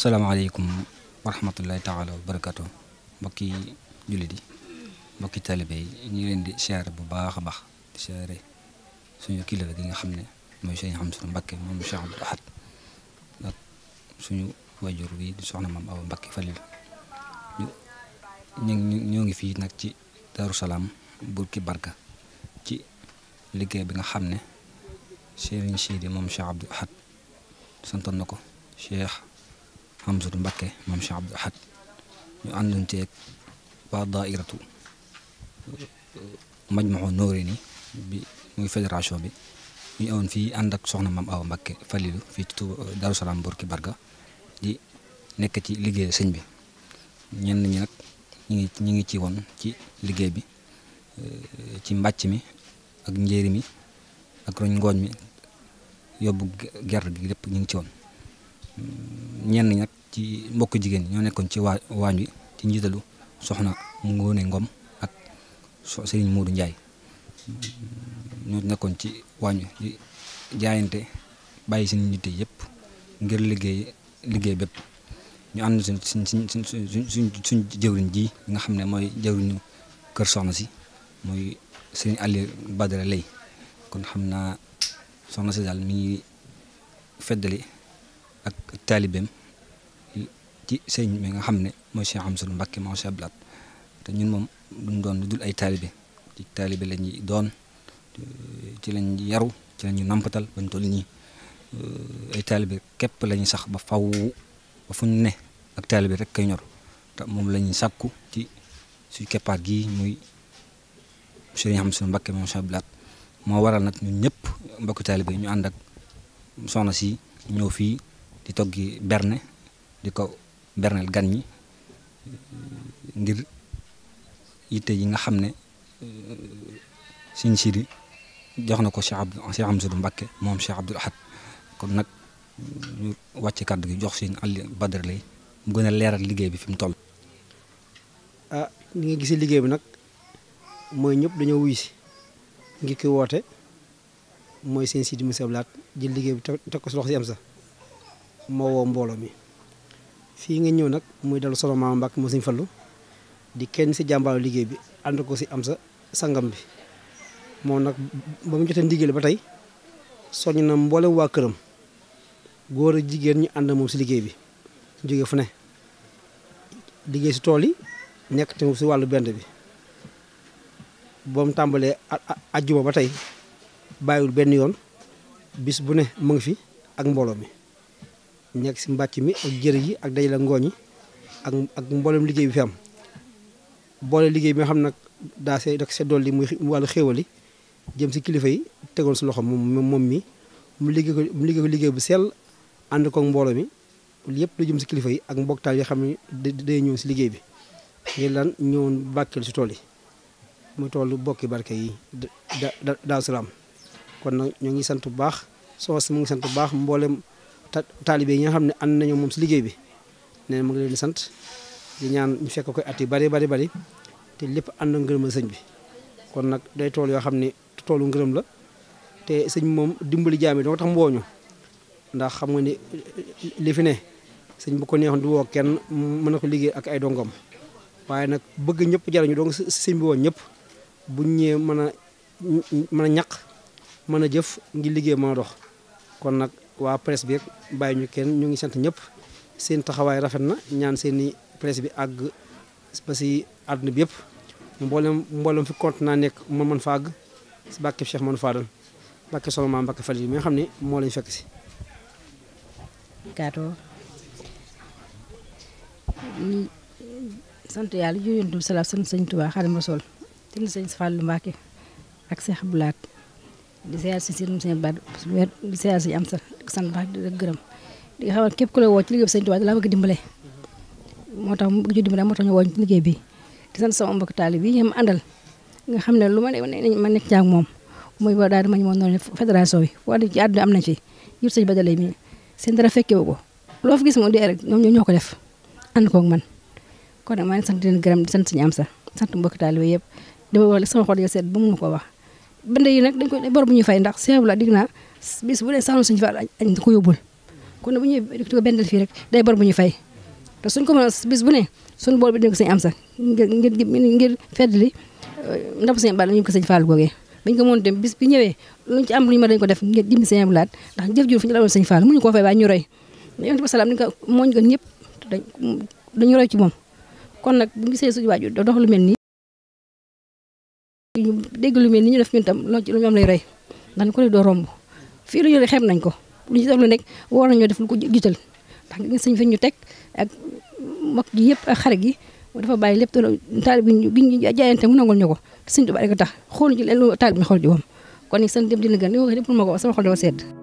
salaamaaleykum wa rahmatullahi taala wa barakatu mbokki jullit yi mbokki taalibe yi ñu ngi leen di siyaare bu baax a baax di siyaare suñu kilifa gi nga xam ne mooy Sëriñ Hamsatu Mbàkke moom Cheikh Abdou Ahad ak suñu wajur wi di soxna maam Awa Mbàkke ngi fii nag ci Daaru Salaam Burki Barka ci liggéey bi nga xam ne Sëriñ Sidi moom Cheikh Abdou Ahad santoon na ko Cheikh Hamsatu Mbakke maam Cheikh Abdou Ahad ñu àndanteeg waa daairatu Majmahun Nurayni bi muy fédération bi ñu ñëwoon fii ànd ak soxna maam Awa Mbakke Falilu fii ci Tuuba euh, Daaru Salaam Barga di nekk ci liggéey sëñ bi ñenn ñi nag ñu ngi ñu ngi ci woon ci liggéey bi euh, ci mbàcc mi ak njéeri mi ak roñ ngooñ mi yóbbu gerte gi lépp ñu ngi ci woon ñenn ñi nag ci mbokk jigéen ñoo nekkoon ci waa waañ wi ci njiitalu soxna mu ngoone Ngom ak Serigne Modou njaay ñoo nekkoon ci waañ wi jaayante bàyyi seen njiite yëpp ngir liggéey liggéey bépp ñu ànd suñ suñ suñ suñ suñ jëwriñ ji nga xam ne mooy jëwriñu kër soxna si muy Serigne Aliou Badara Lay kon xam naa soxna si daal mi feddali ak taalibeem ci sëriñ mi nga xam ne mooy Cheikh Amsatou Mbacké moo Cheikh Abdou Lahad te ñun moom duñ doon lu dul ay taalibe ci taalibe la ñuy doon ci lañ yaru ci lañu nampatal bañ toll nii ay taalibe képp la sax ba faw ne ak taalibe rek kay ñor te moom la ñuy ci suñ keppaar gii muy Sëriñ Amsatou Mbacké moo moo waral nag ñun ñëpp mbokku taalibe ñu ànd ak soxna si ñëw fii di toggi berne di ko bernal gan ñi ngir yitte yi nga xam ne euh, Sëñ Sidi jox na ko Cheikh Abdou Cheikh Amsadou Mbacké moom Cheikh Abdoul Ahad kon nag ñu wàcc kàddu gi jox Sëñ Aliou Badara Lay mu gën a leeral liggéey bi fi mu toll. ah ni nga gisee liggéey bi nag mooy ñëpp dañoo wuyu si ngir ki woote mooy Sëñ Sidi mu seblaat jël liggéey bi teg ko si si am sa moo woo mbooloo mi. fii nga ñëw nag muy dalu Soxna Maama Mbàkke moo Sëñ Fallu di kenn si jàmbaaru liggéey bi ànd ko si am sa sangam bi moom nag ba mu jotee ndigal ba tey soññ na mboolem waa këram góor ak jigéen ñu ànd moom si liggéey bi jóge fu ne liggéey si tool yi nekk te si wàllu bend bi ba mu tàmbalee ajjuma ba tey bàyyiwul benn yoon bis bu ne mu fi ak mbooloo mi nekk si mbàcc mi ak jër yi ak dajale ngooñ yi ak ak mboolem liggéey bi fi am boole liggéey bi nga xam nag daa see dak seddool li muy wàllu xéewal jëm si kilifa yi tegoon si loxo moom moom mi mu liggéey ko mu liggéey liggéey bu sell ànd ko mbooloo mi yëpp lu jëm si kilifa yi ak mboktaal yoo xam ne day ñëw si liggéey bi ngir lan ñëwoon bàkkeel si tool yi mu toolu bokki barke yi da da daaw kon nag ñoo ngi sant bu baax soxna mu ngi sant bu baax mboolem taalibe yi nga xam ne ànd nañoo moom si liggéey bi nee na mu ngi leen sant di ñaan ñu fekk koy at yu bari bari bari te lépp ànd ngërëmal sëñ bi kon nag day tool yoo xam ne toolu ngërëm la te sëñ moom dimbali jaam yi doo tax mbooñu ndax xam nga ni li fi ne sëñ bu ko neexoon du woo kenn mën na ko liggéey ak ay dongom waaye nag bëgg ñëpp jariñu doo sëñ bi woon ñëpp buñ ñëwee mën a mën ñaq mën a jëf ngi liggéey mën a dox kon nag waa presse bi bàyyi ñu kenn ñu ngi sant ñëpp seen taxawaay rafet na ñaan seeni i bi àgg ba si àdduna bi yëpp mboolem mboolem fi naa nekk man man fa àgg si bàkki Cheikh Manou Fadal bàkki Soxna Maam bàkki Fali mi nga xam ne moo lañ fekk si. gàtto sant yàlla yonent bi salaam sant sëñ Tuubaa ak Seex Bulaat di seeyal si seen seen baat di seeyal si am sa sant baax di la gërëm di nga xam ne képp ku la woo ci liggéey bi sëñ Tuubaa laa bëgg dimbale bi di sant sama mbokk taalibe yi ñoom ma ne ma nekk ci ak moom muy ba daal ma ñu moom noonu fédération na ci yëpp sëñ Badalay mi loo fi gis moom dee rek ñoom ko def ànd koog man kon nag maa ngi sant di leen gërëm di sant suñu am sax sant mbokk taalibe yëpp dama wax sama xol ko wax seebula dig bis bu dee sax suñu fa añ ko yóbbul kon bu ñëwee di benn fii rek day bu ñu fay te suñ ko mën bu ne suñu bool bi dina ko am sax ngir ngir ngir feddali euh, ndax sëñ Balla ñu ko sëñ Fall googee bañ ko mën dem bis bi ñëwee luñ ci am luñu ma dañ ko def ngir dimbi sëñ Abdu Lahat ndax jëf ñu la woon sëñ Fall muñu koo fay waaye ñu roy yonent bi ko mooñ ko ñëpp dañ dañu roy ci moom kon nag bu gisee suñu waajur dox lu mel nii ñu dégg lu mel ñu def ñun tam loolu ci lu ñu am ndax ni ko dee doo romb fii lu ñu xeeb nañ ko lu ñu def lu nekk war nañoo def lu ko jiital ndax nga sëñ fi ñu teg ak mag gi yëpp ak xare gi dafa bàyyi lépp taalib bi ñu gi ñu jaayante mu nangul ñu ko sëñ Tuubaa rek tax xool ci leen lu taalib bi xool ji moom kon ni sant dem dina gën li ma ko sama xol dafa sedd